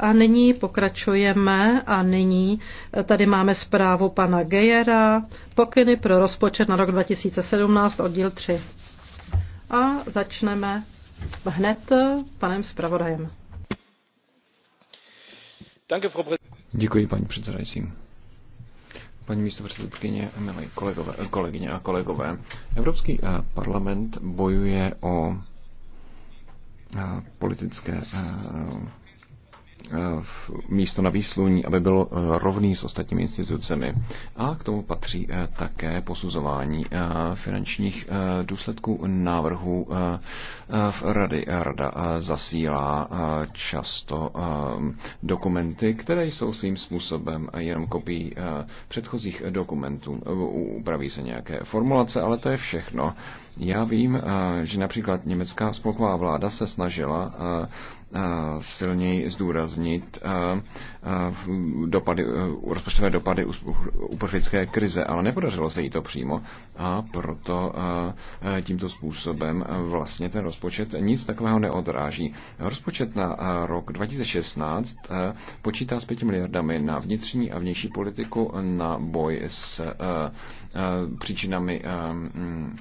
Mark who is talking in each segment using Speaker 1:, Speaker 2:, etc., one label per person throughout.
Speaker 1: A nyní pokračujeme a nyní eh, tady máme zprávu pana Gejera, pokyny pro rozpočet na rok 2017, oddíl 3. A začneme hned eh, panem zpravodajem.
Speaker 2: Děkuji, paní předsedající paní předsedkyně, milé kolegové, kolegyně a kolegové. Evropský eh, parlament bojuje o politické Eh, místo na výsluní, aby byl eh, rovný s ostatními institucemi. A k tomu patří eh, také posuzování finančních důsledků návrhu v Rady. Rada zasílá často dokumenty, které jsou svým způsobem jenom kopií předchozích dokumentů. Upraví se nějaké formulace, ale to je všechno. Já vím, že například německá spolková vláda se snažila Eh, silněji zdůraznit eh, eh, dopady, rozpočtové dopady uprchlické krize, ale nepodařilo se jí to přímo a proto tímto způsobem vlastně ten rozpočet nic takového neodráží. Rozpočet na rok 2016 počítá s 5 miliardami na vnitřní a vnější politiku, na boj s příčinami mm,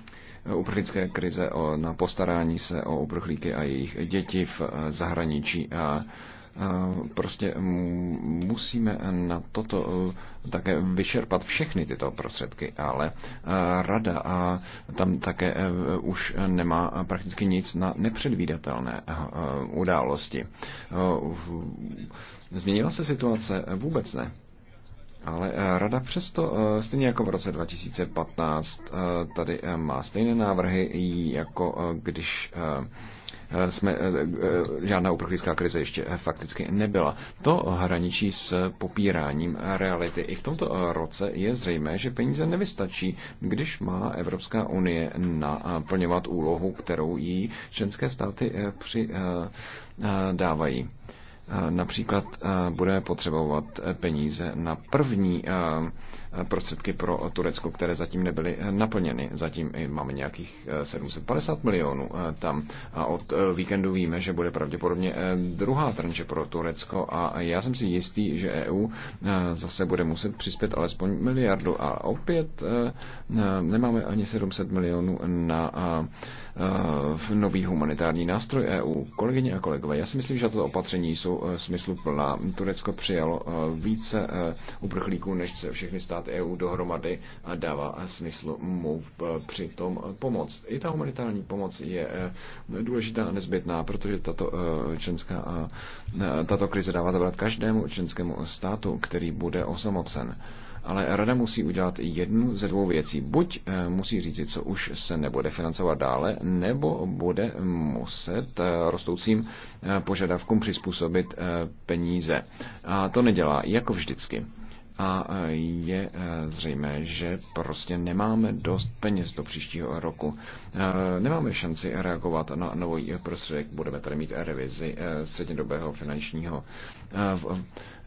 Speaker 2: uprchlické krize, o, na postarání se o uprchlíky a jejich děti v eh, zahraničí. A eh, prostě musíme na toto eh, také vyčerpat všechny tyto prostředky, ale rada a tam také už nemá prakticky nic na nepředvídatelné události. Změnila se situace? Vůbec ne. Ale eh, rada přesto, eh, stejně jako v roce 2015, eh, tady má stejné návrhy, jako když jsme, žádná uprchlická krize ještě fakticky nebyla. To hraničí s popíráním reality. I v tomto roce je zřejmé, že peníze nevystačí, když má Evropská unie naplňovat úlohu, kterou jí členské státy přidávají. dávají. Například eh, budeme potřebovat eh, peníze na první eh, Eh, prostředky pro Turecko, které zatím nebyly eh, naplněny. Zatím máme nějakých 750 eh, milionů tam a od víkendu víme, že bude pravděpodobně druhá tranče pro Turecko a já jsem si jistý, že EU zase bude muset přispět alespoň miliardu a opět nemáme ani 700 milionů na nový humanitární nástroj EU. Kolegyně a kolegové, já si myslím, že tato opatření jsou smysluplná. Turecko přijalo více uprchlíků než se všechny státy dát EU dohromady a dává smysl mu e, při tom pomoc. I ta humanitární pomoc je e, důležitá a nezbytná, protože tato, e, členská, tato krize dává zabrat každému členskému státu, který bude osamocen ale rada musí udělat jednu ze dvou věcí. Buď musí říct, co už se nebude financovat dále, nebo bude muset rostoucím požadavkům přizpůsobit peníze. A to nedělá, jako vždycky a e, je e, zřejmé, že prostě nemáme dost peněz do příštího roku. E, nemáme šanci reagovat na nový prostředek, budeme tady mít revizi střednědobého finančního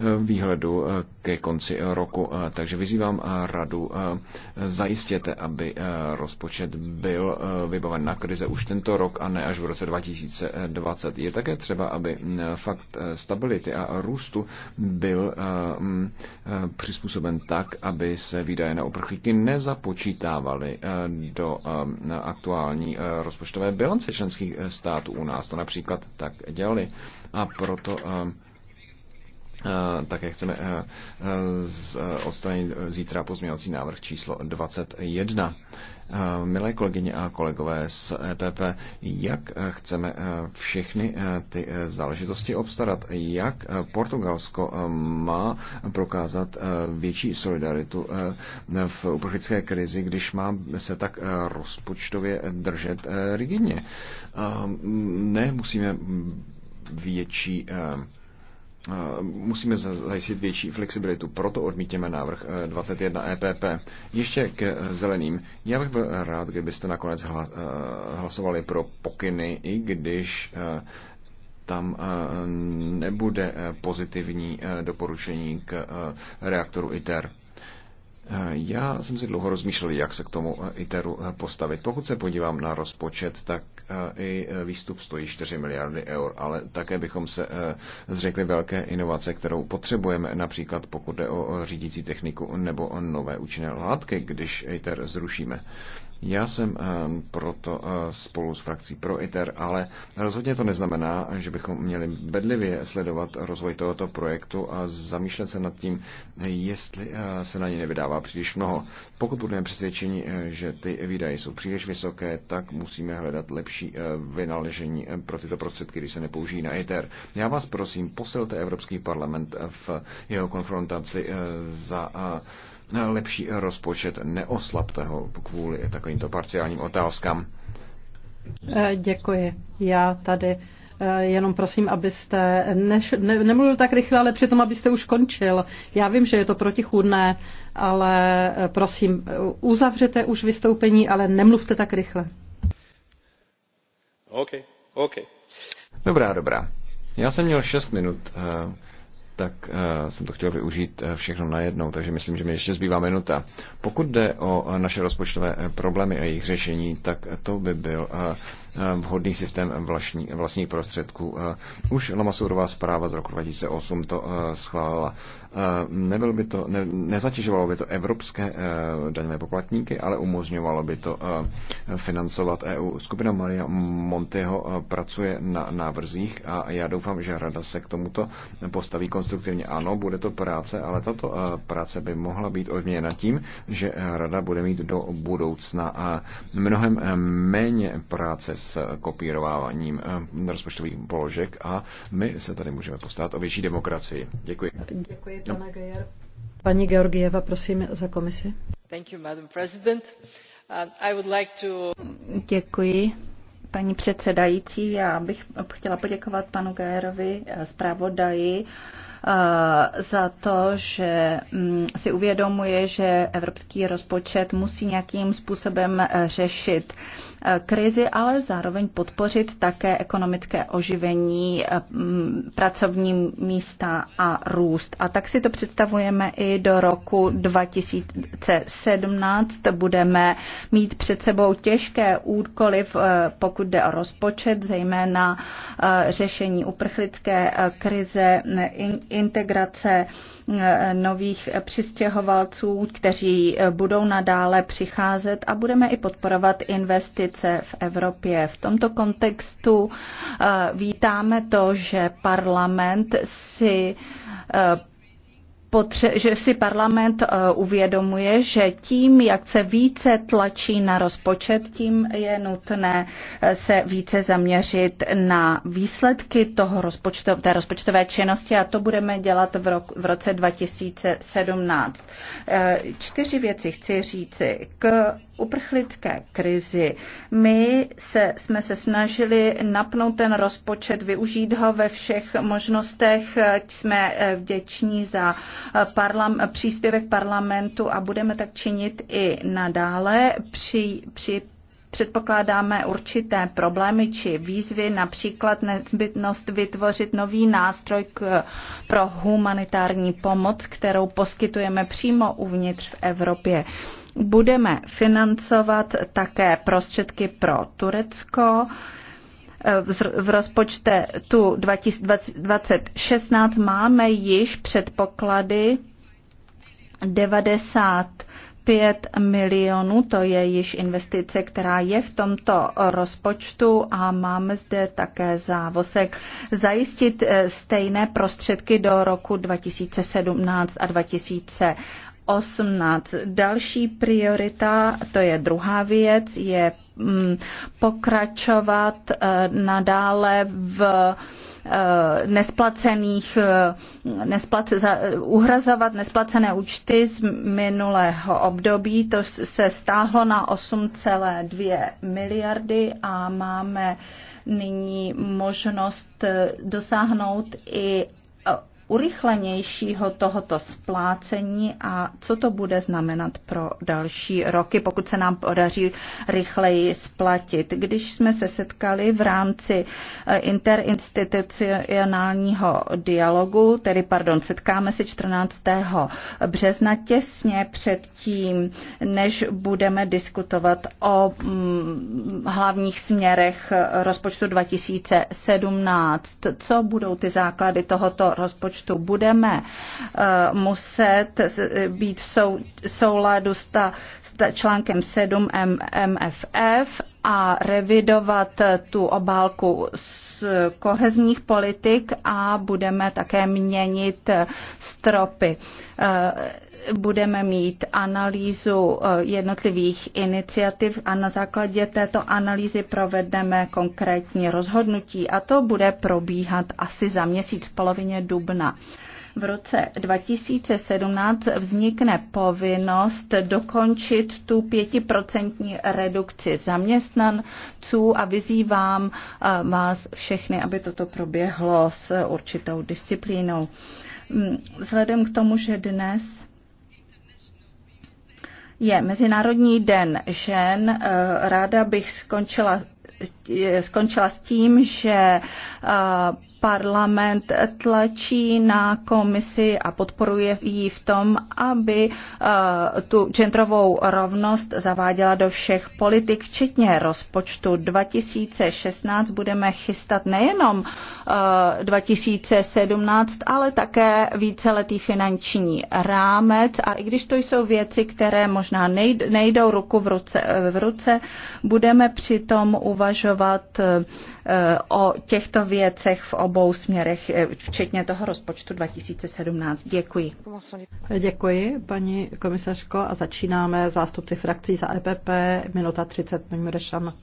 Speaker 2: výhledu eh, ke konci eh, roku. Eh, takže vyzývám radu, zajistěte, aby rozpočet byl vybaven na krize už tento rok a ne až v roce 2020. Je také třeba, aby mm, fakt stability a růstu byl mm, přizpůsoben tak, aby se výdaje na uprchlíky nezapočítávaly do aktuální rozpočtové bilance členských států u nás. To například tak dělali. A proto Eh, také chceme eh, eh, odstranit zítra pozměňovací návrh číslo 21. Milé kolegyně a kolegové z EPP, jak chceme všechny ty záležitosti obstarat? Jak Portugalsko má prokázat větší solidaritu v uprchlické krizi, když má se tak rozpočtově držet rigidně? Ne, musíme větší Eh, musíme zajistit větší flexibilitu. Proto odmítíme návrh 21 eh, EPP. Ještě k eh, zeleným. Já bych byl rád, kdybyste nakonec hlasovali pro pokyny, i když tam nebude pozitivní doporučení k reaktoru ITER. Já jsem si dlouho rozmýšlel, jak se k tomu ITERu postavit. Pokud se podívám na rozpočet, tak i e, výstup stojí 4 miliardy eur, ale také bychom se e, zřekli velké inovace, kterou potřebujeme, například pokud jde o řídící techniku nebo o nové účinné látky, když ITER zrušíme. Já jsem ehm, proto eh, spolu s frakcí pro ITER, ale rozhodně to neznamená, že bychom měli bedlivě sledovat rozvoj tohoto projektu a zamýšlet se nad tím, jestli eh, se na ně nevydává příliš mnoho. Pokud budeme přesvědčeni, eh, že ty výdaje jsou příliš vysoké, tak musíme hledat lepší vynaležení pro tyto prostředky, když se nepoužijí na ITER. Já vás prosím, posilte Evropský parlament v jeho konfrontaci za lepší rozpočet. Neoslabte ho kvůli takovýmto parciálním otázkám.
Speaker 1: Eh, děkuji. Já tady eh, jenom prosím, abyste neš, ne, nemluvil tak rychle, ale přitom, abyste už končil. Já vím, že je to protichůdné, ale eh, prosím, uzavřete už vystoupení, ale nemluvte tak rychle. OK, OK.
Speaker 2: Dobrá, dobrá. Já jsem měl 6 minut tak eh, jsem to chtěl využít eh, všechno najednou, takže myslím, že mi ještě zbývá minuta. Pokud jde o eh, naše rozpočtové problémy a jejich řešení, tak to by byl Eh, vhodný systém vlastní, vlastních prostředků. Eh, už Lamasurová zpráva z roku 2008 to eh, schválila. Nebyl by to, ne, nezatěžovalo by to evropské daňové poplatníky, ale umožňovalo by to financovat EU. Skupina Maria Monteho pracuje na návrzích a já doufám, že Rada se k tomuto postaví konstruktivně. Ano, bude to práce, ale tato práce by mohla být odměněna tím, že Rada bude mít do budoucna a mnohem méně práce s kopírováním eh, rozpočtových položek a my se tady můžeme postarat o větší demokracii. Děkuji. Děkuji, pane
Speaker 1: Gejer. Paní Georgieva, prosím, za komisi. Thank you, Madam President. Uh, I would like to...
Speaker 3: Děkuji, paní předsedající. Já bych chtěla poděkovat panu Gajerovi, eh, zpravodaji, eh, za to, že mm, si uvědomuje, že evropský rozpočet musí nějakým způsobem řešit krizi, ale zároveň podpořit také ekonomické oživení, eh, pracovní místa a růst. A tak si to představujeme i do roku 2017. Budeme mít před sebou těžké úkoly, eh, pokud jde o rozpočet, zejména eh, řešení uprchlické krize, integrace nových přistěhovalců, kteří budou nadále přicházet a budeme i podporovat investice v Evropě. V tomto kontextu eh, vítáme to, že parlament si eh, že si parlament eh, uvědomuje, že tím, jak se více tlačí na rozpočet, tím je nutné eh, se více zaměřit na výsledky toho rozpočto, té rozpočtové činnosti a to budeme dělat v, rok, v roce 2017. Eh, čtyři věci chci říci k uprchlické krizi. My se, jsme se snažili napnout ten rozpočet, využít ho ve všech možnostech. Jsme vděční za uh, parlam, příspěvek parlamentu a budeme tak činit i nadále při, při Předpokládáme určité problémy či výzvy, například nezbytnost vytvořit nový nástroj k, pro humanitární pomoc, kterou poskytujeme přímo uvnitř v Evropě. Budeme financovat také prostředky pro Turecko. Uh, v rozpočtu 2016 máme již předpoklady 90 5 milionů, to je již investice, která je v tomto rozpočtu a máme zde také závosek zajistit eh, stejné prostředky do roku 2017 a 2018. 18. Další priorita, to je druhá věc, je mm, pokračovat eh, nadále v eh, nesplacených, eh, nesplace, uhrazovat nesplacené účty z minulého období. To se stáhlo na 8,2 miliardy a máme nyní možnost dosáhnout i urychlenějšího tohoto splácení a co to bude znamenat pro další roky, pokud se nám podaří rychleji splatit. Když jsme se setkali v rámci eh, interinstitucionálního dialogu, tedy pardon, setkáme se 14. března těsně před tím, než budeme diskutovat o mm, hlavních směrech rozpočtu 2017. Co budou ty základy tohoto rozpočtu? rozpočtu. Budeme eh, muset být v souladu s článkem 7 MFF a revidovat eh, tu obálku z kohezních politik a budeme také měnit eh, stropy budeme mít analýzu eh, jednotlivých iniciativ a na základě této analýzy provedeme konkrétní rozhodnutí a to bude probíhat asi za měsíc v polovině dubna v roce 2017 vznikne povinnost dokončit tu pětiprocentní redukci zaměstnanců a vyzývám eh, vás všechny, aby toto proběhlo s určitou disciplínou. Mm, vzhledem k tomu, že dnes je Mezinárodní den žen. Eh, ráda bych skončila eh, skončila s tím, že eh, parlament tlačí na komisi a podporuje ji v tom, aby eh, tu genderovou rovnost zaváděla do všech politik, včetně rozpočtu 2016. Budeme chystat nejenom 2017, eh, ale také víceletý finanční rámec. A i když to jsou věci, které možná nejdou ruku v ruce, eh, v ruce budeme přitom uvažovat o těchto věcech v oblasti obou směrech, eh, včetně toho rozpočtu 2017. Děkuji. Děkuji, paní komisařko, a začínáme
Speaker 1: zástupci frakcí za EPP, minuta 30, paní Mrešan.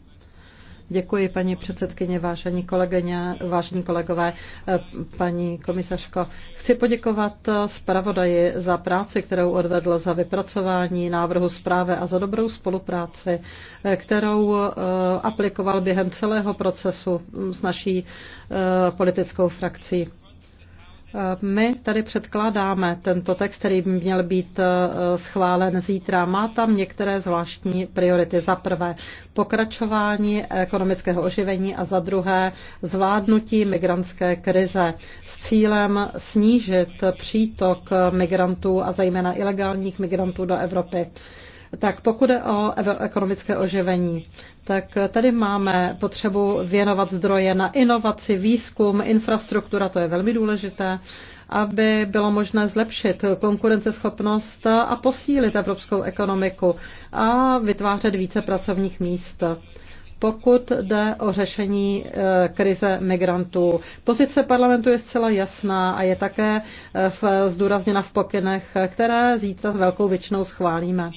Speaker 1: Děkuji, paní předsedkyně, vážení kolegyně, vážení kolegové, paní komisařko. Chci poděkovat zpravodaji za práci, kterou odvedl za vypracování návrhu zprávy a za dobrou spolupráci, kterou eh, aplikoval během celého procesu s naší eh, politickou frakcí. My tady předkládáme tento text, který by měl být eh, schválen zítra. Má tam některé zvláštní priority. Za prvé pokračování ekonomického oživení a za druhé zvládnutí migrantské krize s cílem snížit přítok migrantů a zejména ilegálních migrantů do Evropy. Tak pokud je o ekonomické oživení, tak tady máme potřebu věnovat zdroje na inovaci, výzkum, infrastruktura, to je velmi důležité, aby bylo možné zlepšit konkurenceschopnost a posílit evropskou ekonomiku a vytvářet více pracovních míst pokud jde o řešení eh, krize migrantů. Pozice parlamentu je zcela jasná a je také eh, v, zdůrazněna v pokynech, které zítra s velkou většinou schválíme.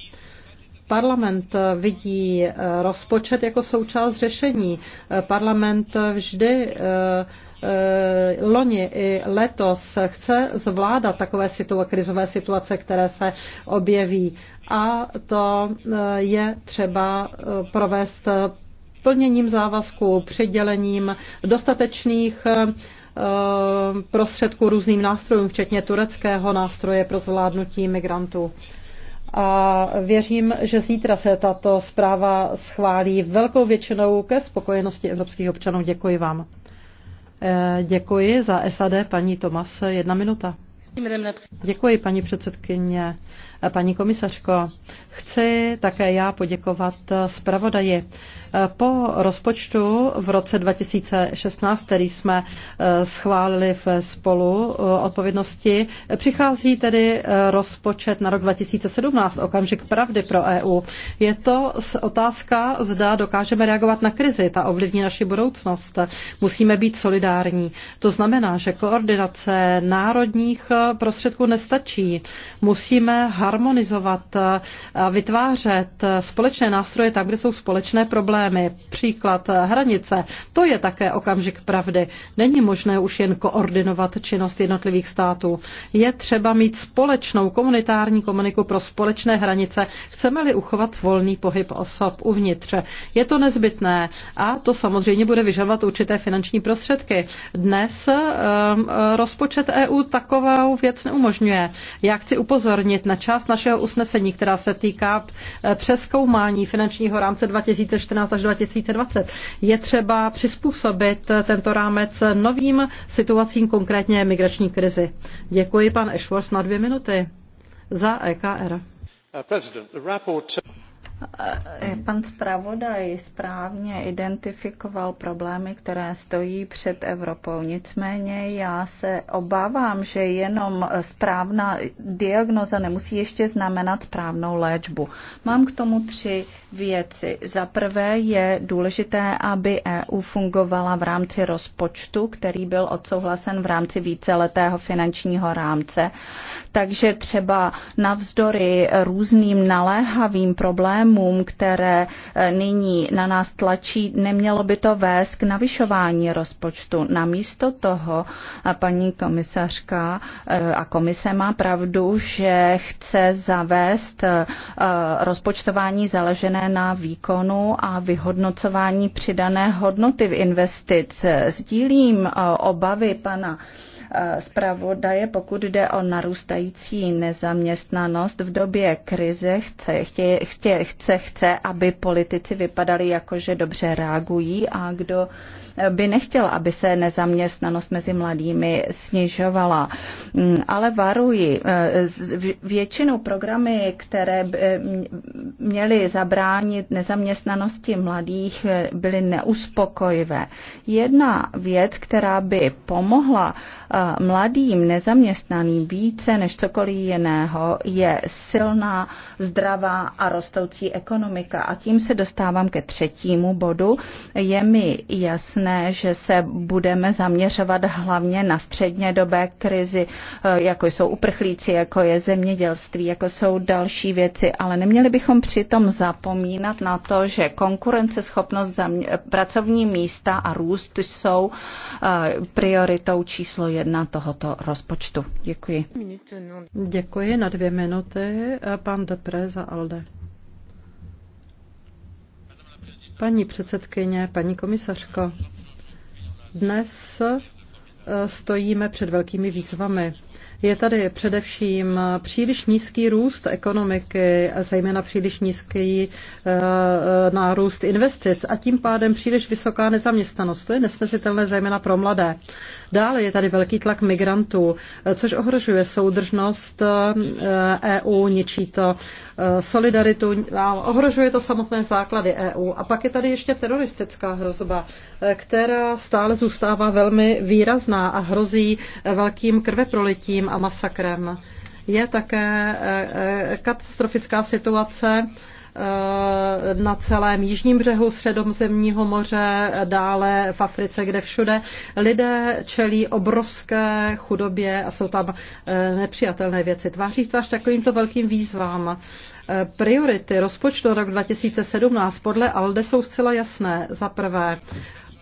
Speaker 1: Parlament vidí eh, rozpočet jako součást řešení. Eh, Parlament vždy eh, loni i letos chce zvládat takové situa- krizové situace, které se objeví. A to je třeba provést plněním závazků, přidělením dostatečných prostředků různým nástrojům, včetně tureckého nástroje pro zvládnutí migrantů a věřím, že zítra se tato zpráva schválí velkou většinou ke spokojenosti evropských občanů. Děkuji vám. Eh, děkuji za SAD, paní Tomas, jedna minuta. Děkuji, paní předsedkyně. Eh, paní komisařko, chci také já poděkovat eh, zpravodaji. Po rozpočtu v roce 2016, který jsme e, schválili v spolu e, odpovědnosti, přichází tedy e, rozpočet na rok 2017, okamžik pravdy pro EU. Je to otázka, zda dokážeme reagovat na krizi, ta ovlivní naši budoucnost. Musíme být solidární. To znamená, že koordinace národních prostředků nestačí. Musíme harmonizovat a vytvářet společné nástroje tam, kde jsou společné problémy problémy, příklad hranice, to je také okamžik pravdy. Není možné už jen koordinovat činnost jednotlivých států. Je třeba mít společnou komunitární komuniku pro společné hranice, chceme-li uchovat volný pohyb osob uvnitř. Je to nezbytné a to samozřejmě bude vyžadovat určité finanční prostředky. Dnes um, rozpočet EU takovou věc neumožňuje. Já chci upozornit na část našeho usnesení, která se týká eh, přeskoumání finančního rámce 2014 až 2020. Je třeba přizpůsobit tento rámec novým situacím, konkrétně migrační krizi. Děkuji, pan Ashworth, na dvě minuty za EKR.
Speaker 3: Uh, Eh, eh, pan zpravodaj správně identifikoval problémy, které stojí před Evropou. Nicméně já se obávám, že jenom správná diagnoza nemusí ještě znamenat správnou léčbu. Mám k tomu tři věci. Za prvé je důležité, aby EU fungovala v rámci rozpočtu, který byl odsouhlasen v rámci víceletého finančního rámce. Takže třeba navzdory různým naléhavým problémům, normům, které eh, nyní na nás tlačí, nemělo by to vést k navyšování rozpočtu. Namísto toho eh, paní komisařka eh, a komise má pravdu, že chce zavést rozpočtování založené na výkonu a vyhodnocování přidané hodnoty v investic. Sdílím obavy pana zpravodaje, pokud jde o narůstající nezaměstnanost v době krize, chce, chtě, chtě, chce, chce, aby politici vypadali jako, že dobře reagují a kdo by nechtěl, aby se nezaměstnanost mezi mladými snižovala. Mm, ale varuji, eh, většinou programy, které mm, měly zabránit nezaměstnanosti mladých, eh, byly neuspokojivé. Jedna věc, která by pomohla mladým nezaměstnaným více než cokoliv jiného je silná, zdravá a rostoucí ekonomika. A tím se dostávám ke třetímu bodu. Je mi jasné, že se budeme zaměřovat hlavně na dobé krizi, e, jako jsou uprchlíci, jako je zemědělství, jako jsou další věci, ale neměli bychom přitom zapomínat na to, že konkurenceschopnost pracovní místa a růst jsou e, prioritou číslo jedna 1 tohoto rozpočtu. Děkuji. Děkuji na dvě minuty. Pan Depre za Alde.
Speaker 1: Paní předsedkyně, paní komisařko, dnes eh, stojíme před velkými výzvami. Je tady především příliš nízký růst ekonomiky, a zejména příliš nízký eh, eh, nárůst investic a tím pádem příliš vysoká nezaměstnanost. To je nesnesitelné zejména pro mladé. Dále je tady velký tlak migrantů, eh, což ohrožuje soudržnost EU, e ničí to solidaritu, ohrožuje to samotné základy EU. A pak je tady ještě teroristická hrozba, která stále zůstává velmi výrazná a hrozí velkým krveprolitím a masakrem. Je také eh, eh, katastrofická situace eh, na celém jižním břehu Středozemního moře, dále v Africe, kde všude lidé čelí obrovské chudobě a jsou tam nepřijatelné věci. Tváří tvář takovýmto velkým výzvám. Priority rozpočtu rok 2017 podle ALDE jsou zcela jasné. Za prvé,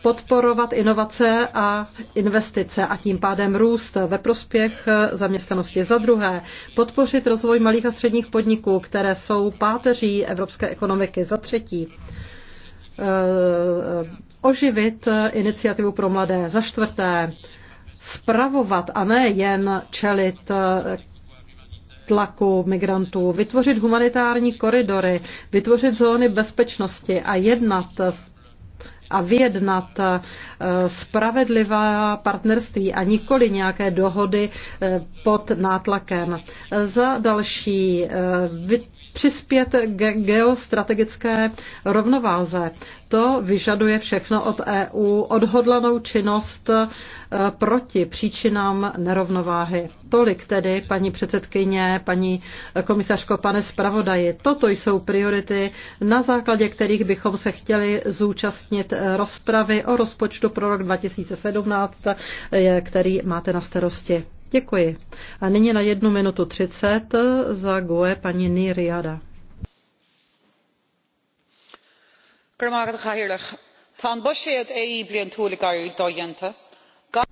Speaker 1: podporovat inovace a investice a tím pádem růst ve prospěch zaměstnanosti. Za druhé, podpořit rozvoj malých a středních podniků, které jsou páteří evropské ekonomiky. Za třetí, eh, oživit iniciativu pro mladé. Za čtvrté, spravovat a ne jen čelit eh, tlaku migrantů, vytvořit humanitární koridory, vytvořit zóny bezpečnosti a jednat s a vyjednat eh, spravedlivá partnerství a nikoli nějaké dohody eh, pod nátlakem. Eh, za další přispět k geostrategické rovnováze. To vyžaduje všechno od EU odhodlanou činnost e, proti příčinám nerovnováhy. Tolik tedy, paní předsedkyně, paní komisařko, pane zpravodaji. Toto jsou priority, na základě kterých bychom se chtěli zúčastnit rozpravy o rozpočtu pro rok 2017, který máte na starosti. Děkuji. A nyní na jednu minutu třicet za Goe paní Niriada.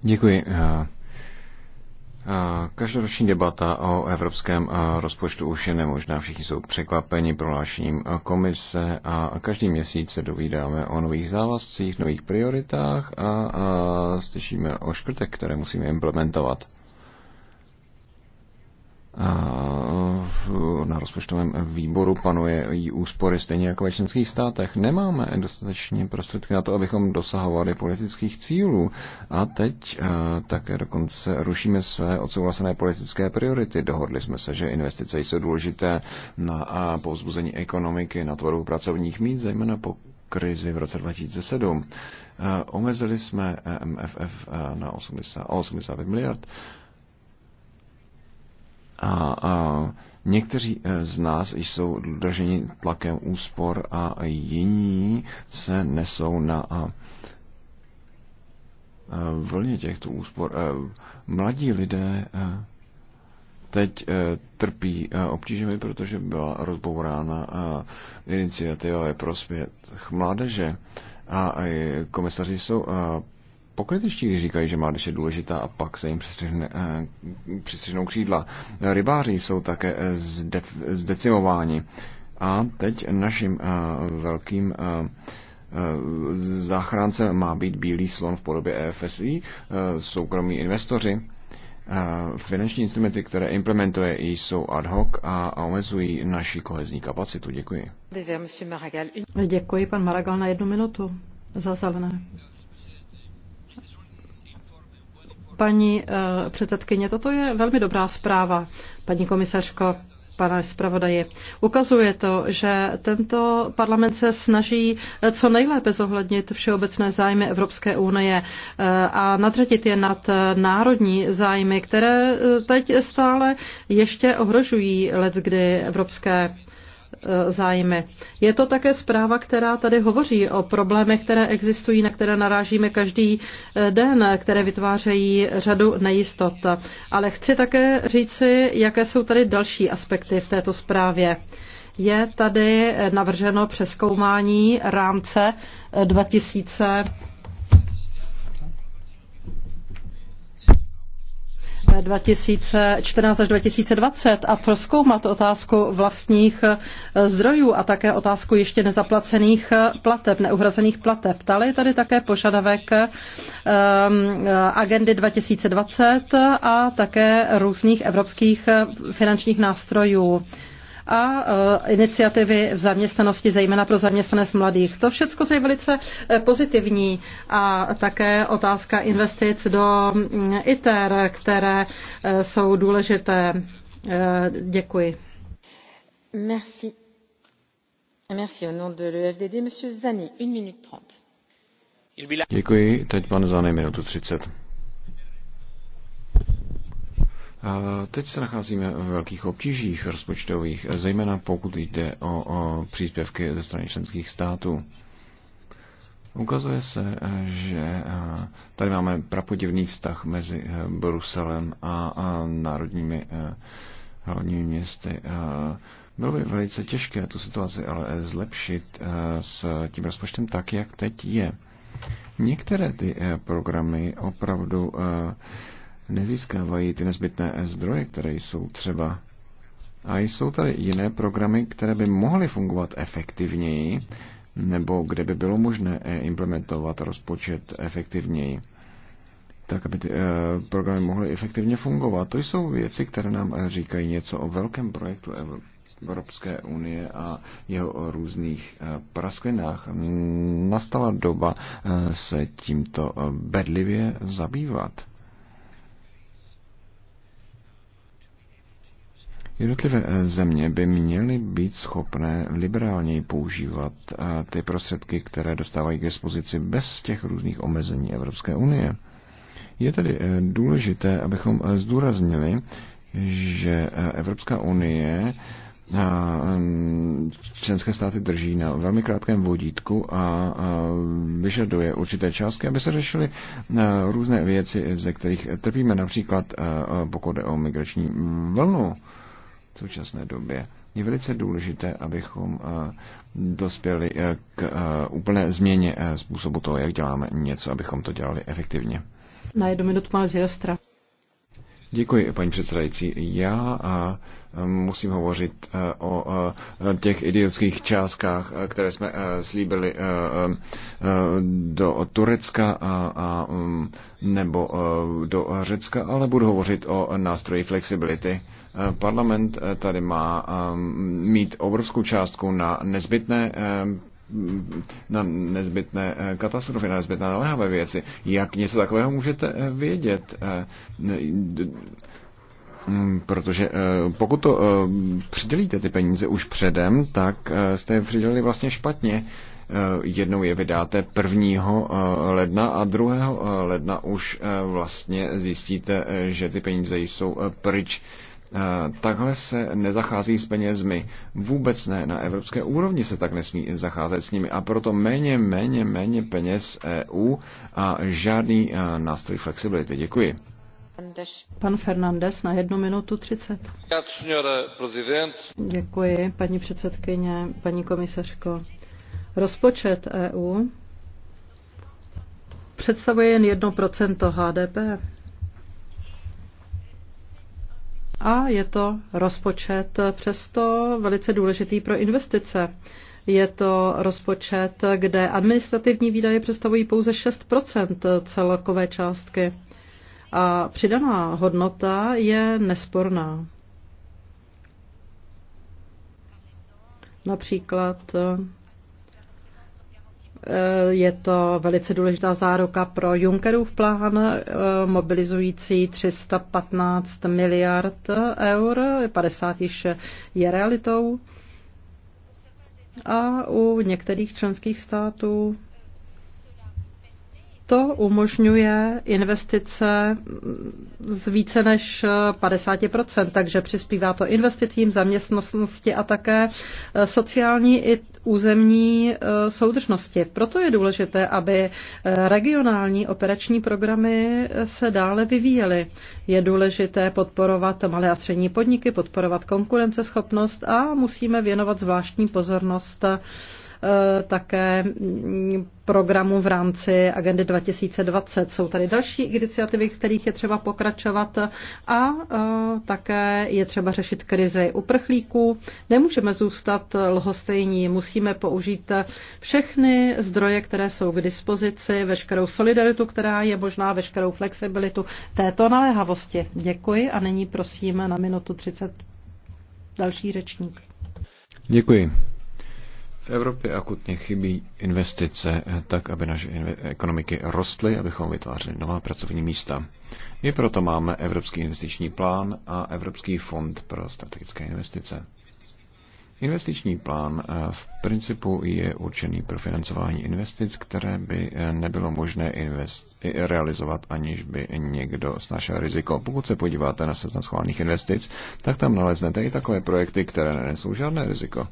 Speaker 2: Děkuji. Každoroční debata o evropském rozpočtu už je nemožná. Všichni jsou překvapeni prohlášením komise a každý měsíc se dovídáme o nových závazcích, nových prioritách a slyšíme o škrtech, které musíme implementovat. Eh, na rozpočtovém výboru panuje i úspory, stejně jako ve členských státech. Nemáme dostatečně prostředky na to, abychom dosahovali politických cílů. A teď eh, také dokonce rušíme své odsouhlasené politické priority. Dohodli jsme se, že investice jsou důležité na povzbuzení ekonomiky, na tvorbu pracovních míst, zejména po krizi v roce 2007. Eh, omezili jsme MFF na 80, 85 miliard a, a někteří e, z nás jsou drženi tlakem úspor a jiní se nesou na a, e, vlně těchto úspor. E, mladí lidé teď trpí obtížemi, protože byla rozbourána iniciativa je prospěch mládeže a komisaři jsou pokrytečtí, když říkají, že mládež je důležitá a pak se jim přistřihnou eh, křídla. Rybáři jsou také eh, zdef, zdecimováni. A teď naším eh, velkým záchráncem má být bílý slon v podobě EFSI, soukromí investoři. Finanční instrumenty, které implementuje, jsou ad hoc a omezují naši kohezní kapacitu. Děkuji.
Speaker 1: Děkuji, pan Maragal, na jednu minutu za zelené. Paní eh, předsedkyně, toto je velmi dobrá zpráva, paní komisařko pane zpravodaji. Ukazuje to, že tento parlament se snaží eh, co nejlépe zohlednit všeobecné zájmy Evropské unie eh, a nadřadit je nad národní zájmy, které teď stále ještě ohrožují kdy evropské Eh, zájmy. Je to také zpráva, která tady hovoří o problémech, které existují, na které narážíme každý eh, den, které vytvářejí řadu nejistot. Ale chci také říci, jaké jsou tady další aspekty v této zprávě. Je tady navrženo přeskoumání rámce 2000 eh, 2014 až 2020 a proskoumat otázku vlastních eh, zdrojů a také otázku ještě nezaplacených eh, plateb, neuhrazených plateb. Tady je tady také požadavek eh, agendy 2020 a také různých evropských finančních nástrojů a e, iniciativy v zaměstnanosti, zejména pro zaměstnanost mladých. To všechno je velice e, pozitivní a také otázka investic do ITER, které e, jsou důležité. Děkuji. Merci. Merci. Au nom de l'EFDD, Monsieur Zani, une minute 30.
Speaker 2: Děkuji. Teď pan Zani, minutu 30. Teď se nacházíme v velkých obtížích rozpočtových, zejména pokud jde o, o příspěvky ze strany členských států. Ukazuje se, že tady máme prapodivný vztah mezi e, Bruselem a národními e, hlavními městy. Bylo by velice těžké tu situaci ale zlepšit e, s tím rozpočtem tak, jak teď je. Některé ty programy opravdu nezískávají ty nezbytné zdroje, které jsou třeba. A jsou tady jiné programy, které by mohly fungovat efektivněji, nebo kde by bylo možné eh, implementovat rozpočet efektivněji, tak aby ty eh, programy mohly efektivně fungovat. To jsou věci, které nám eh, říkají něco o velkém projektu Evropské unie a jeho různých prasklinách. Nastala doba se tímto bedlivě zabývat. Jednotlivé eh, země by měly být schopné liberálněji používat eh, ty prostředky, které dostávají k dispozici bez těch různých omezení Evropské unie. Je tedy eh, důležité, abychom zdůraznili, že Evropská unie a členské státy drží na velmi krátkém vodítku a vyžaduje určité částky, aby se řešily různé věci, ze kterých trpíme, například pokud jde o migrační vlnu současné době. Je velice důležité, abychom eh, dospěli eh, k eh, úplné změně způsobu toho, jak děláme něco, abychom to dělali efektivně.
Speaker 1: Na jednu minutu má Zjostra.
Speaker 2: Děkuji, paní předsedající. Já a musím hovořit eh, o eh, těch idiotských částkách, eh, které jsme slíbili do Turecka a, a mm, nebo do Řecka, ale budu hovořit o nástroji flexibility. Parlament tady má mít obrovskou částku na nezbytné mm, na nezbytné katastrofy, na nezbytné naléhavé věci. Jak něco takového můžete vědět? Mm, protože eh, pokud to eh, přidělíte ty peníze už předem, tak eh, jste je přidělili vlastně špatně. Jednou je vydáte 1. ledna a 2. ledna už vlastně zjistíte, že ty peníze jsou pryč. Takhle se nezachází s penězmi. Vůbec ne. Na evropské úrovni se tak nesmí zacházet s nimi. A proto méně, méně, méně peněz EU a žádný nástroj flexibility. Děkuji.
Speaker 1: Pan Fernandez na jednu minutu třicet. Děkuji, paní předsedkyně, paní komisařko. Rozpočet EU představuje jen 1% HDP. A je to rozpočet přesto velice důležitý pro investice. Je to rozpočet, kde administrativní výdaje představují pouze 6 celkové částky a přidaná hodnota je nesporná. Například eh, je to velice důležitá záruka pro Junckerův plán, eh, mobilizující 315 miliard eur, 50 již je realitou. A u některých členských států to umožňuje investice z více než 50%, takže přispívá to investicím, zaměstnanosti a také eh, sociální i územní eh, soudržnosti. Proto je důležité, aby eh, regionální operační programy se dále vyvíjely. Je důležité podporovat malé a střední podniky, podporovat konkurenceschopnost a musíme věnovat zvláštní pozornost Eh, také mm, programu v rámci agendy 2020. Jsou tady další iniciativy, kterých je třeba pokračovat a eh, také je třeba řešit krizi uprchlíků. Nemůžeme zůstat lhostejní, musíme použít všechny zdroje, které jsou k dispozici, veškerou solidaritu, která je možná, veškerou flexibilitu této naléhavosti. Děkuji a nyní prosím na minutu 30 další řečník.
Speaker 2: Děkuji. V Evropě akutně chybí investice eh, tak, aby naše ekonomiky rostly, abychom vytvářeli nová pracovní místa. My proto máme Evropský investiční plán a Evropský fond pro strategické investice. Investiční plán eh, v principu je určený pro financování investic, které by eh, nebylo možné invest, realizovat, aniž by někdo snašel riziko. Pokud se podíváte na seznam schválených investic, tak tam naleznete i takové projekty, které nenesou žádné riziko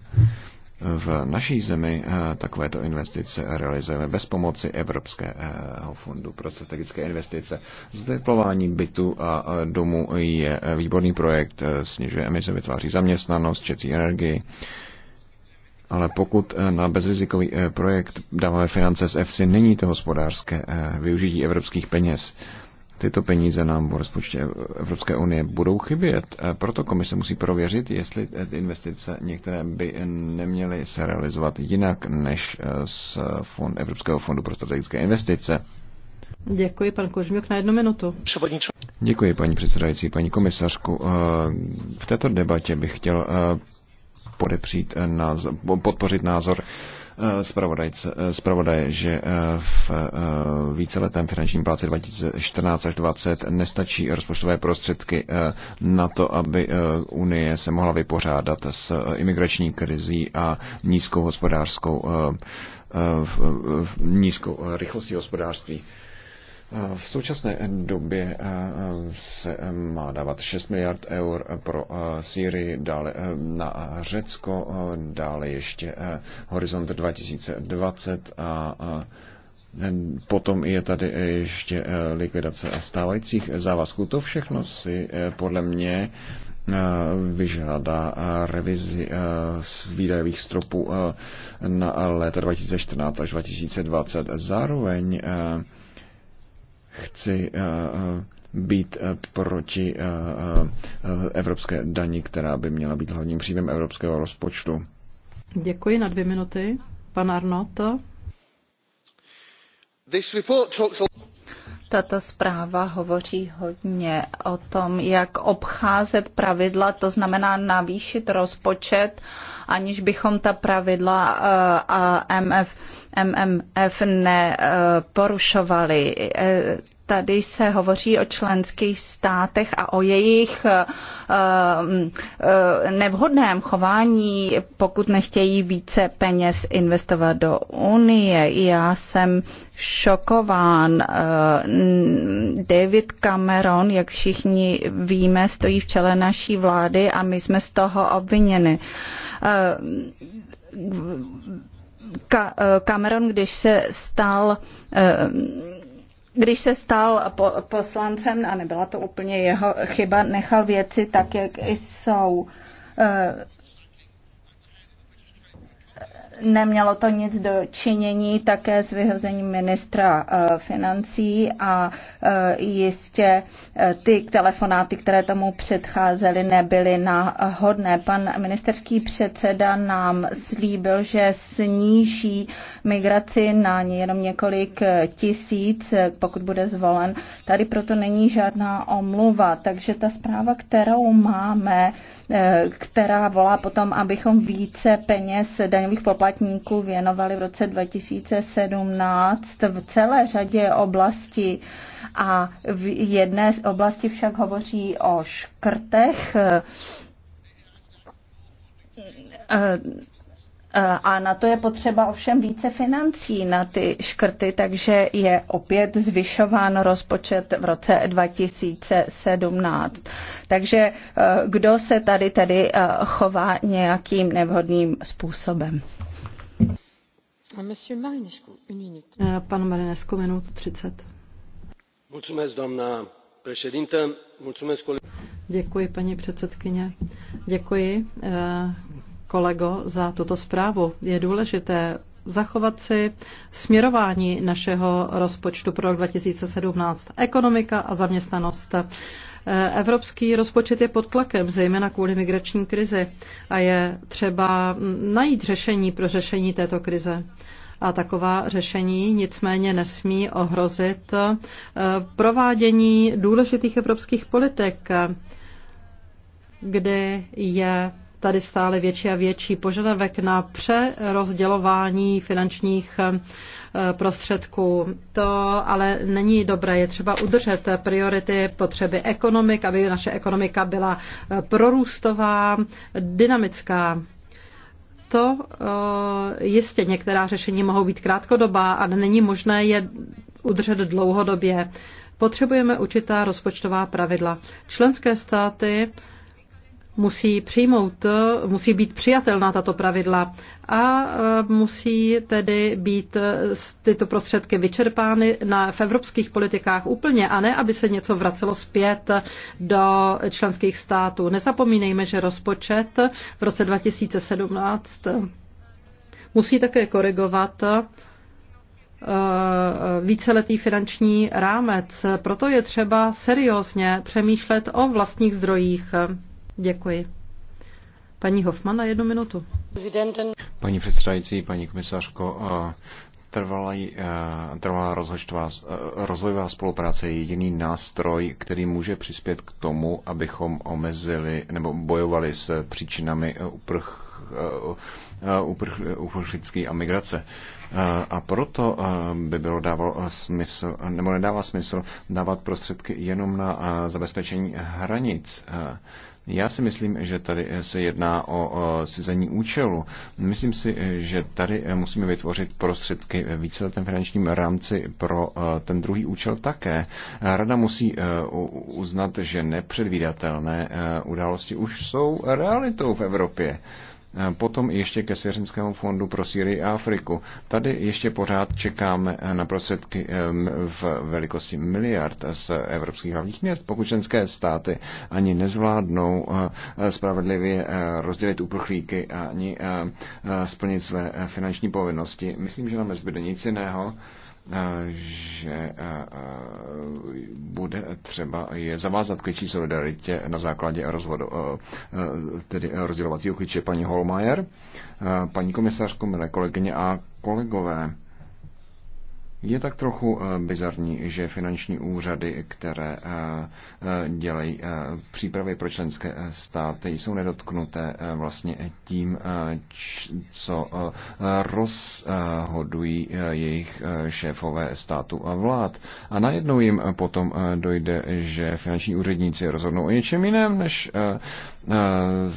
Speaker 2: v naší zemi eh, takovéto investice realizujeme bez pomoci Evropského fondu pro strategické investice. Zateplování bytu a eh, domu je eh, výborný projekt, snižuje emise, vytváří zaměstnanost, četí energii. Ale pokud na bezrizikový projekt dáváme finance z EFSI, není to hospodářské využití evropských peněz tyto peníze nám v rozpočtu Evropské unie budou chybět. Eh, proto komise musí prověřit, jestli eh, ty investice některé by neměly se realizovat jinak než eh, z fond, Evropského fondu pro strategické investice.
Speaker 1: Děkuji, pan Kožmiuk, na jednu minutu.
Speaker 2: Děkuji, paní předsedající, paní komisařku. V této debatě bych chtěl podepřít názor, podpořit názor Eh, eh, zpravodaje, že eh, v víceletém finančním pláci 2014 až 2020 nestačí rozpočtové prostředky na to, aby Unie se mohla vypořádat s imigrační krizí a nízkou hospodářskou nízkou rychlostí hospodářství. V současné době eh, se eh, má dávat 6 miliard eur eh, pro Sýrii, dále na Řecko, dále ještě Horizont 2020 a Potom je tady ještě likvidace stávajících závazků. To všechno si podle mě vyžádá revizi výdajových stropů na léta 2014 až 2020. Zároveň chci eh, eh, být eh, proti evropské daní, která by měla být hlavním příjmem evropského rozpočtu.
Speaker 1: Děkuji na dvě
Speaker 3: minuty. Pan Arnott. Tato zpráva hovoří hodně o tom, jak obcházet pravidla, to znamená navýšit rozpočet, aniž bychom ta pravidla a MF MMF neporušovaly. E, tady se hovoří o členských státech a o jejich e, e, nevhodném chování, pokud nechtějí více peněz investovat do Unie. Já jsem šokován. David Cameron, jak všichni víme, stojí v čele naší vlády a my jsme z toho obviněni Eh, Cameron, když se stal eh, když se stal poslancem, a nebyla to úplně jeho chyba, nechal věci tak, jak jsou eh, Nemělo to nic do činění také s vyhozením ministra eh, financí a eh, jistě eh, ty telefonáty, které tomu předcházely, nebyly náhodné. Pan ministerský předseda nám slíbil, že sníží migraci na jenom několik tisíc, pokud bude zvolen. Tady proto není žádná omluva, takže ta zpráva, kterou máme, která volá potom, abychom více peněz daňových poplatků poplatníků věnovali v roce 2017 v celé řadě oblastí a v jedné z oblasti však hovoří o škrtech e, e, a na to je potřeba ovšem více financí na ty škrty, takže je opět zvyšován rozpočet v roce 2017. Takže e, kdo se tady tedy chová nějakým nevhodným způsobem? Euh, euh,
Speaker 1: doamnă președintă mulțumesc Děkuji, paní předsedkyně. Děkuji, eh, kolego, za tuto zprávu. Je důležité zachovat si směrování našeho rozpočtu pro rok 2017. Ekonomika a zaměstnanost. Eh, evropský rozpočet je pod tlakem, zejména kvůli migrační krizi a je třeba mm, najít řešení pro řešení této krize a taková řešení nicméně nesmí ohrozit eh, provádění důležitých evropských politik, eh, kde je tady stále větší a větší požadavek na přerozdělování finančních eh, prostředků. To ale není dobré. Je třeba udržet priority potřeby ekonomik, aby naše ekonomika byla eh, prorůstová, dynamická to eh, jistě některá řešení mohou být krátkodobá a není možné je udržet dlouhodobě. Potřebujeme určitá rozpočtová pravidla. Členské státy musí přijmout, musí být přijatelná tato pravidla a e, musí tedy být e, tyto prostředky vyčerpány na, v evropských politikách úplně a ne, aby se něco vracelo zpět do členských států. Nezapomínejme, že rozpočet v roce 2017 musí také korigovat e, víceletý finanční rámec. Proto je třeba seriózně přemýšlet o vlastních zdrojích. Děkuji. Paní Hoffman na jednu minutu.
Speaker 2: Paní předsedající, paní komisařko, eh, eh, trvalá, trvalá eh, rozvojová spolupráce je jediný nástroj, který může přispět k tomu, abychom omezili nebo bojovali s příčinami uprch uprchlický a migrace. A proto by bylo dávalo smysl, nebo nedává smysl dávat prostředky jenom na zabezpečení hranic já si myslím, že tady eh, se jedná o sizení účelu. Myslím si, eh, že tady eh, musíme vytvořit prostředky víceletém finančním rámci pro ten druhý účel také. Rada musí uznat, že nepředvídatelné události už jsou realitou v Evropě. Potom ještě ke Svěřenskému fondu pro Syrii a Afriku. Tady ještě pořád čekáme na prostředky v velikosti miliard z evropských hlavních měst, pokud členské státy ani nezvládnou eh, spravedlivě eh, rozdělit uprchlíky ani eh, splnit své finanční povinnosti. Myslím, že nám nezbyde nic jiného, že eh, eh, bude třeba je zavázat k větší solidaritě na základě rozvodu, eh, tedy rozdělovacího klíče paní Holmajer, paní komisařko, milé kolegyně a kolegové. Je tak trochu eh, bizarní, že finanční úřady, které eh, eh, dělají přípravy pro členské státy, jsou nedotknuté vlastně tím, co rozhodují jejich šéfové státu a vlád. A najednou jim potom dojde, že finanční úředníci rozhodnou o něčem jiném, než Eh,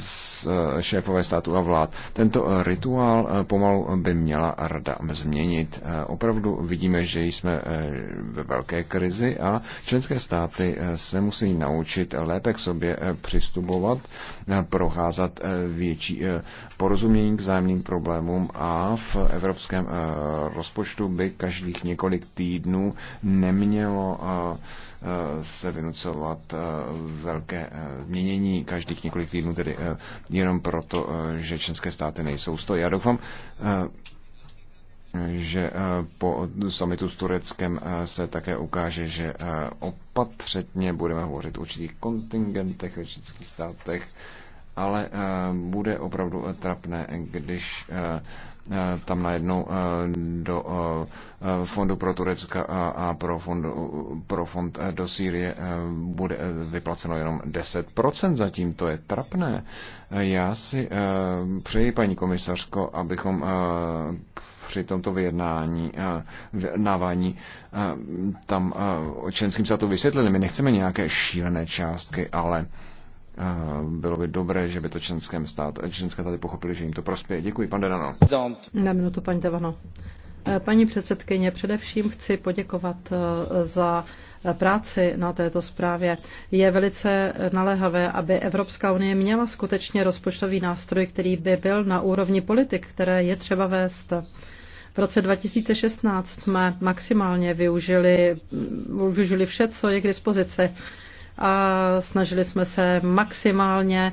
Speaker 2: eh, šéfové státu a vlád. Tento eh, rituál pomalu by měla rada změnit. Opravdu vidíme, že jsme ve velké krizi a členské státy se musí naučit lépe k sobě přistupovat, procházet větší porozumění k zájemným problémům a v evropském rozpočtu by každých několik týdnů nemělo se vynucovat velké změnění. každých několik několik týdnů, tedy eh, jenom proto, eh, že členské státy nejsou sto. Já doufám, eh, že po samitu s Tureckem se také ukáže, že opatřetně budeme hovořit o určitých kontingentech, ve českých státech, ale bude opravdu trapné, když Eh, tam najednou eh, do eh, fondu pro Turecka a pro fond, pro fond do Sýrie bude vyplaceno jenom 10%. Zatím to je trapné. Já si přeji, paní komisařko, abychom při tomto vyjednání, vyjednávání tam členským státu vysvětlili. My nechceme nějaké šílené částky, ale bylo by dobré, že by to členské státy, členské tady pochopili, že jim to prospěje. Děkuji, pan Denano.
Speaker 1: Na minutu, paní Devano. Eh, paní předsedkyně, především chci poděkovat eh, za práci na této zprávě. Je velice naléhavé, aby Evropská unie měla skutečně rozpočtový nástroj, který by byl na úrovni politik, které je třeba vést. V roce 2016 jsme maximálně využili, mm, využili vše, co je k dispozici a snažili jsme se maximálně e,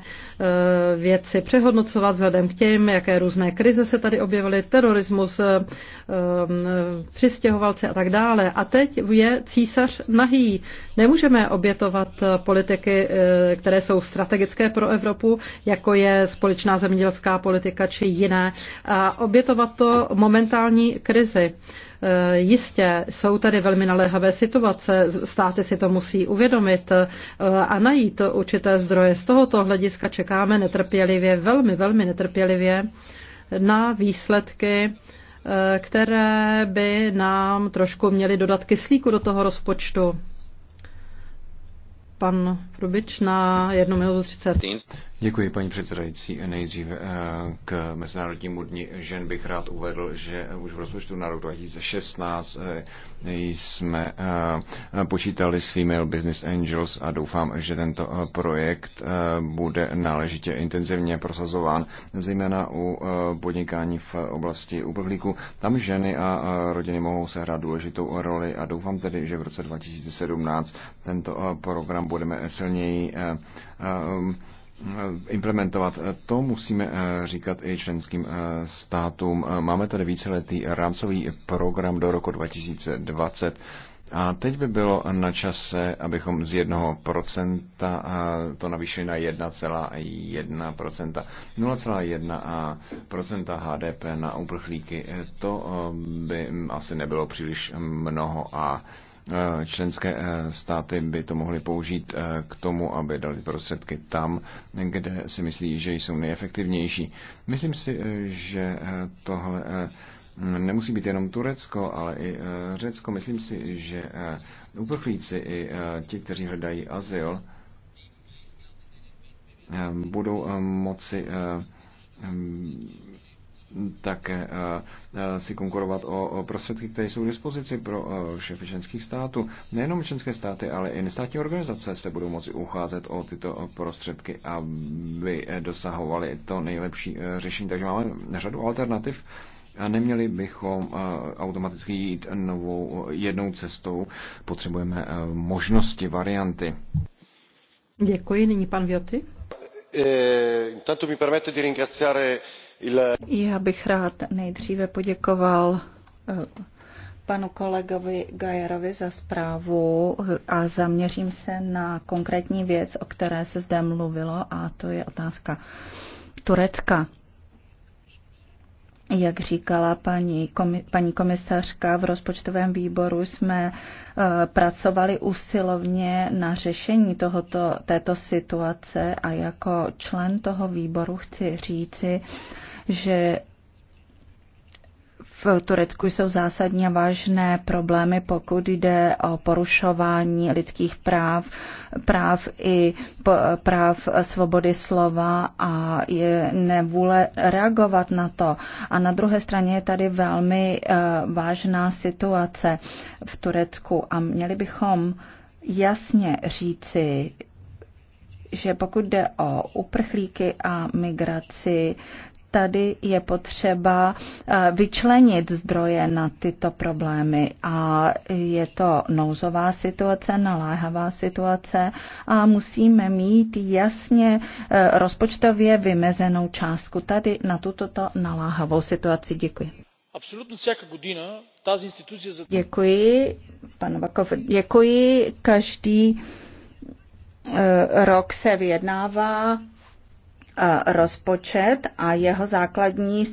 Speaker 1: věci přehodnocovat vzhledem k těm, jaké různé krize se tady objevily, terorismus, e, e, přistěhovalci a tak dále. A teď je císař nahý. Nemůžeme obětovat politiky, které jsou strategické pro Evropu, jako je společná zemědělská politika či jiné, a obětovat to momentální krizi. Eh, jistě jsou tady velmi naléhavé situace, státy si to musí uvědomit eh, a najít určité zdroje. Z tohoto hlediska čekáme netrpělivě, velmi, velmi netrpělivě na výsledky, eh, které by nám trošku měly dodat kyslíku do toho rozpočtu. Pan Rubič na 1 minutu 30.
Speaker 2: Děkuji, paní předsedající. Nejdřív eh, k Mezinárodnímu dni žen bych rád uvedl, že už v rozpočtu na rok 2016 eh, jsme eh, počítali s Female Business Angels a doufám, že tento projekt bude náležitě intenzivně prosazován, zejména u podnikání v oblasti uprchlíků. Tam ženy a rodiny mohou sehrát důležitou roli a doufám tedy, že v roce 2017 tento program budeme silně silněji eh, eh, implementovat. To musíme eh, říkat i členským státům. Máme tady víceletý rámcový program do roku 2020. A teď by bylo na čase, abychom z jednoho procenta to navýšili na 1,1%. 0,1% HDP na uprchlíky, to by asi nebylo příliš mnoho a Eh, členské eh, státy by to mohly použít eh, k tomu, aby dali prostředky tam, kde si myslí, že jsou nejefektivnější. Myslím si, že tohle nemusí být jenom Turecko, ale i Řecko. Myslím si, že uprchlíci i ti, kteří hledají azyl, budou moci také eh, eh, si konkurovat o prostředky, které jsou k dispozici pro eh, šefy členských států. Nejenom členské státy, ale i nestátní organizace se budou moci ucházet o tyto prostředky, aby dosahovali to nejlepší řešení. Takže máme řadu alternativ a neměli bychom automaticky jít novou jednou cestou. Potřebujeme možnosti, varianty.
Speaker 1: Děkuji. Nyní pan Vioty.
Speaker 2: Eh, intanto mi permetto di ringraziare
Speaker 3: já bych rád nejdříve poděkoval eh, panu kolegovi Gajerovi za zprávu eh, a zaměřím se na konkrétní věc, o které se zde mluvilo, a to je otázka Turecka. Jak říkala paní, komi, paní komisařka, v rozpočtovém výboru jsme eh, pracovali usilovně na řešení tohoto, této situace a jako člen toho výboru chci říci, uh, že v Turecku jsou zásadně vážné problémy, pokud jde o porušování lidských práv, práv i práv svobody slova a je nevůle reagovat na to. A na druhé straně je tady velmi eh, vážná situace v Turecku a měli bychom jasně říci, že pokud jde o uprchlíky a migraci, tady je potřeba eh, vyčlenit zdroje na tyto problémy a je to nouzová situace, naléhavá situace a musíme mít jasně eh, rozpočtově vymezenou částku tady na tuto naléhavou situaci. Děkuji. Děkuji, pan Vakov, děkuji. Každý eh, rok se vyjednává Eh, rozpočet a jeho základní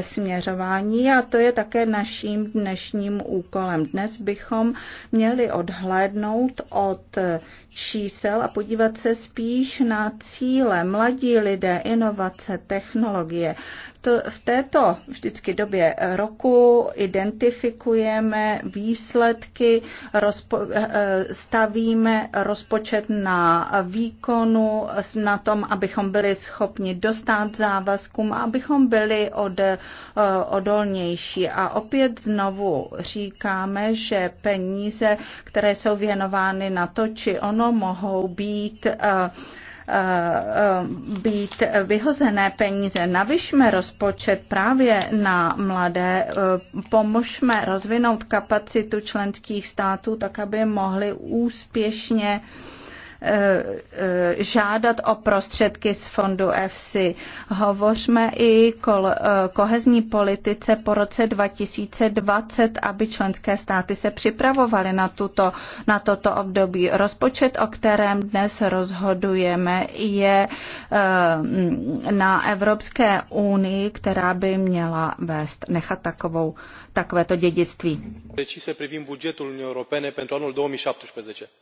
Speaker 3: směřování a to je také naším dnešním úkolem. Dnes bychom měli odhlédnout od eh, čísel a podívat se spíš na cíle mladí lidé, inovace, technologie v této vždycky době roku identifikujeme výsledky, rozpo, eh, stavíme rozpočet na výkonu, na tom, abychom byli schopni dostat závazkům, abychom byli od, eh, odolnější. A opět znovu říkáme, že peníze, které jsou věnovány na to či ono, mohou být uh, Eh, být vyhozené peníze. Navyšme rozpočet právě na mladé, eh, pomožme rozvinout kapacitu členských států tak, aby mohli úspěšně uh, Eh, eh, žádat o prostředky z fondu EFSI. Hovořme i kol, eh, kohezní politice po roce 2020, aby členské státy se připravovaly na, tuto, na toto období. Rozpočet, o kterém dnes rozhodujeme, je na Evropské unii, která by měla vést nechat takovou, takovéto dědictví.
Speaker 1: Precise privind bugetul Uniunii Europene pentru anul 2017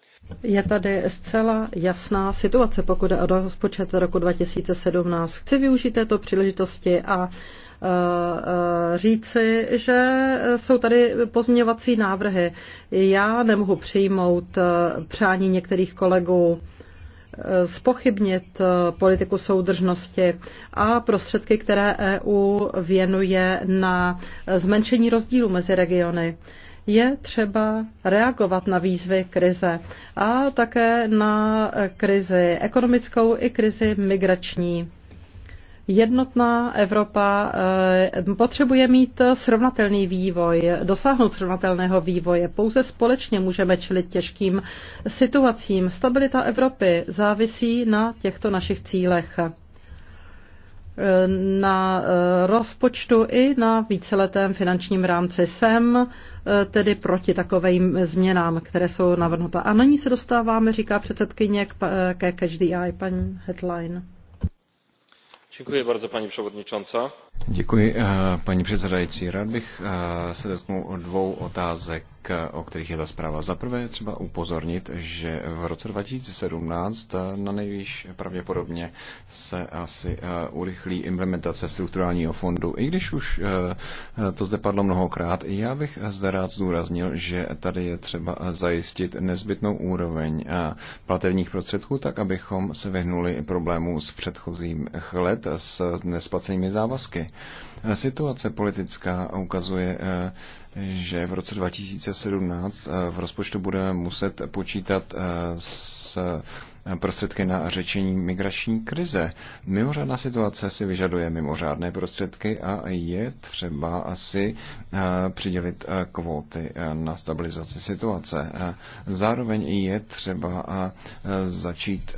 Speaker 1: je tady zcela jasná situace, pokud je o rozpočet roku 2017. Chci využít této příležitosti a e, e, říci, že jsou tady pozměňovací návrhy. Já nemohu přijmout e, přání některých kolegů spochybnit politiku soudržnosti a prostředky, které EU věnuje na zmenšení rozdílu mezi regiony je třeba reagovat na výzvy krize a také na krizi ekonomickou i krizi migrační. Jednotná Evropa eh, potřebuje mít srovnatelný vývoj, dosáhnout srovnatelného vývoje. Pouze společně můžeme čelit těžkým situacím. Stabilita Evropy závisí na těchto našich cílech eh, na eh, rozpočtu i na víceletém finančním rámci. Jsem E, tedy proti takovým změnám, které jsou navrhnuta. A na ní se dostáváme, říká předsedkyně, ke Catch the Eye, paní Headline. Děkuji bardzo, paní předsedající.
Speaker 2: Děkuji, e, paní předsedající. Rád bych e, se dotknul dvou otázek o kterých je ta zpráva. Za prvé je třeba upozornit, že v roce 2017 na nejvýš pravděpodobně se asi eh, urychlí implementace strukturálního fondu. I když už eh, eh, to zde padlo mnohokrát, já bych zde rád zdůraznil, že tady je třeba zajistit nezbytnou úroveň platebních prostředků, tak abychom se vyhnuli problémů z předchozích let s nesplacenými závazky. Situace politická ukazuje, že v roce 2017 eh, v rozpočtu budeme muset počítat eh, s prostředky na řečení migrační krize. Mimořádná situace si vyžaduje mimořádné prostředky a je třeba asi eh, přidělit eh, kvóty eh, na stabilizaci situace. Zároveň je třeba začít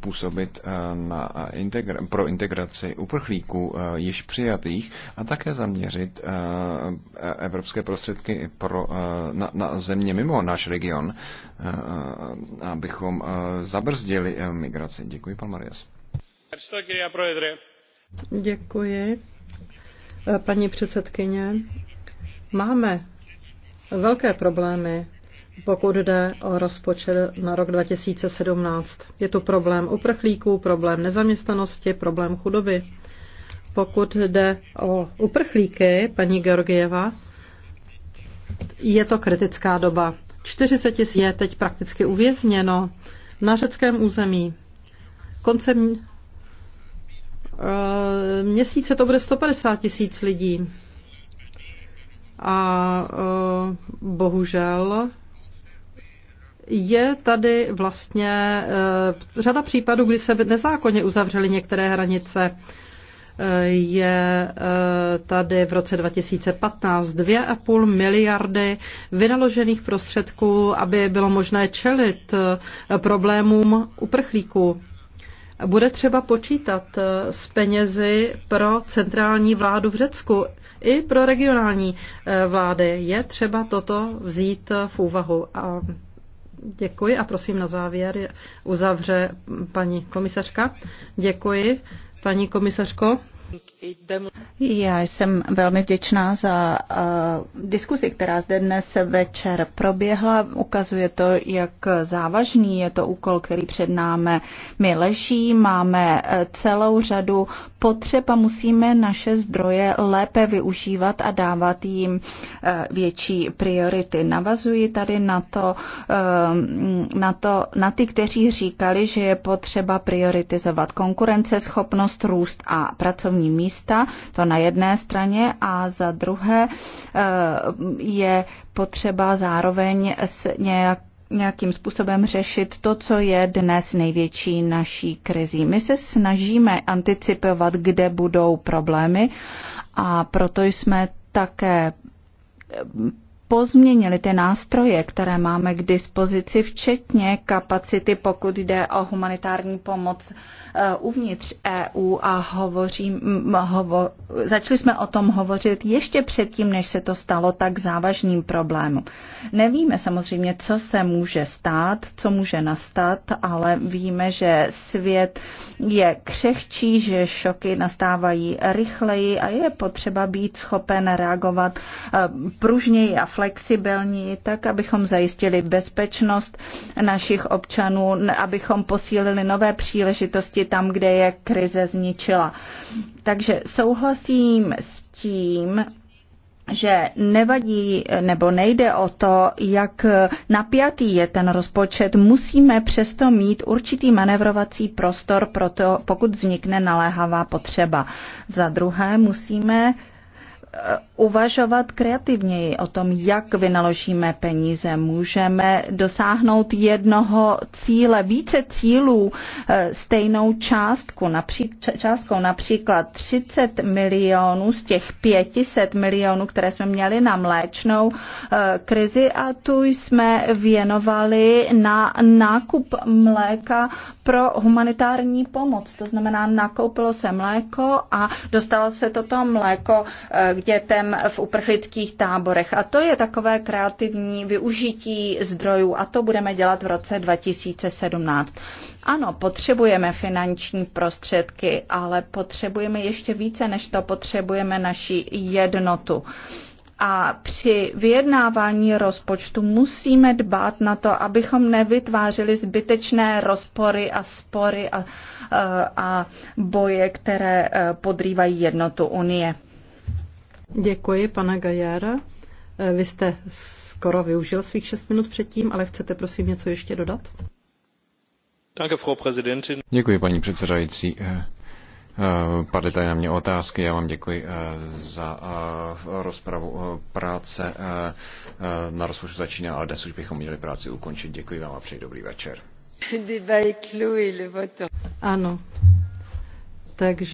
Speaker 2: působit na integra- pro integraci uprchlíků již přijatých a také zaměřit e-, evropské prostředky pro, na, na země mimo náš region, abychom zabrzdili v eh, migraci. Děkuji, pan Marias.
Speaker 1: Děkuji, eh, paní předsedkyně. Máme velké problémy, pokud jde o rozpočet na rok 2017. Je tu problém uprchlíků, problém nezaměstnanosti, problém chudoby. Pokud jde o uprchlíky, paní Georgieva, je to kritická doba. 40 tisíc je teď prakticky uvězněno na řeckém území. Koncem eh, měsíce to bude 150 tisíc lidí. A eh, bohužel je tady vlastně eh, řada případů, kdy se nezákonně uzavřely některé hranice je eh, tady v roce 2015 2,5 miliardy vynaložených prostředků, aby bylo možné čelit eh, problémům uprchlíků. Bude třeba počítat eh, s penězi pro centrální vládu v Řecku i pro regionální vlády. Je třeba toto vzít v úvahu. A děkuji a prosím na závěr uzavře paní komisařka. Děkuji. Paní
Speaker 3: komisařko, já jsem velmi vděčná za uh, eh, diskusi, která zde dnes večer proběhla. Ukazuje to, jak závažný je to úkol, který před námi my leží. Máme eh, celou řadu potřeb a musíme naše zdroje lépe využívat a dávat jim uh, větší priority. Navazuji tady na to, uh, na to, na ty, kteří říkali, že je potřeba prioritizovat konkurenceschopnost, růst a pracovní pracovní místa, to na jedné straně, a za druhé eh, je potřeba zároveň s nějak nějakým způsobem řešit to, co je dnes největší naší krizí. My se snažíme anticipovat, kde budou problémy a proto jsme také eh, pozměnili ty nástroje, které máme k dispozici, včetně kapacity, pokud jde o humanitární pomoc Eh, uvnitř EU a hovořím, hovo, začali jsme o tom hovořit ještě předtím, než se to stalo tak závažným problémem. Nevíme samozřejmě, co se může stát, co může nastat, ale víme, že svět je křehčí, že šoky nastávají rychleji a je potřeba být schopen reagovat eh, pružněji a flexibilněji, tak abychom zajistili bezpečnost našich občanů, abychom posílili nové příležitosti oblasti tam, kde je krize zničila. Takže souhlasím s tím, že nevadí nebo nejde o to, jak napjatý je ten rozpočet, musíme přesto mít určitý manevrovací prostor pro to, pokud vznikne naléhavá potřeba. Za druhé musíme Eh, uvažovat kreativněji o tom, jak vynaložíme peníze. Můžeme dosáhnout jednoho cíle, více cílů eh, stejnou částku, napří, částkou například 30 milionů z těch 500 milionů, které jsme měli na mléčnou eh, krizi a tu jsme věnovali na nákup mléka pro humanitární pomoc. To znamená, nakoupilo se mléko a dostalo se toto mléko dětem v uprchlických táborech. A to je takové kreativní využití zdrojů a to budeme dělat v roce 2017. Ano, potřebujeme finanční prostředky, ale potřebujeme ještě více, než to potřebujeme naši jednotu. A při vyjednávání rozpočtu musíme dbát na to, abychom nevytvářeli zbytečné rozpory a spory a, a, a boje, které eh, podrývají jednotu Unie. Děkuji, pane
Speaker 1: Gajara. Eh, vy jste skoro využil svých šest minut předtím, ale chcete prosím něco ještě dodat?
Speaker 2: Děkuji, paní předsedající. Eh, eh, padly tady na mě otázky. Já vám děkuji za rozpravu práce. Na rozpočtu začíná, ale dnes už bychom měli práci ukončit. Děkuji vám a přeji dobrý večer.
Speaker 1: Ano. Takže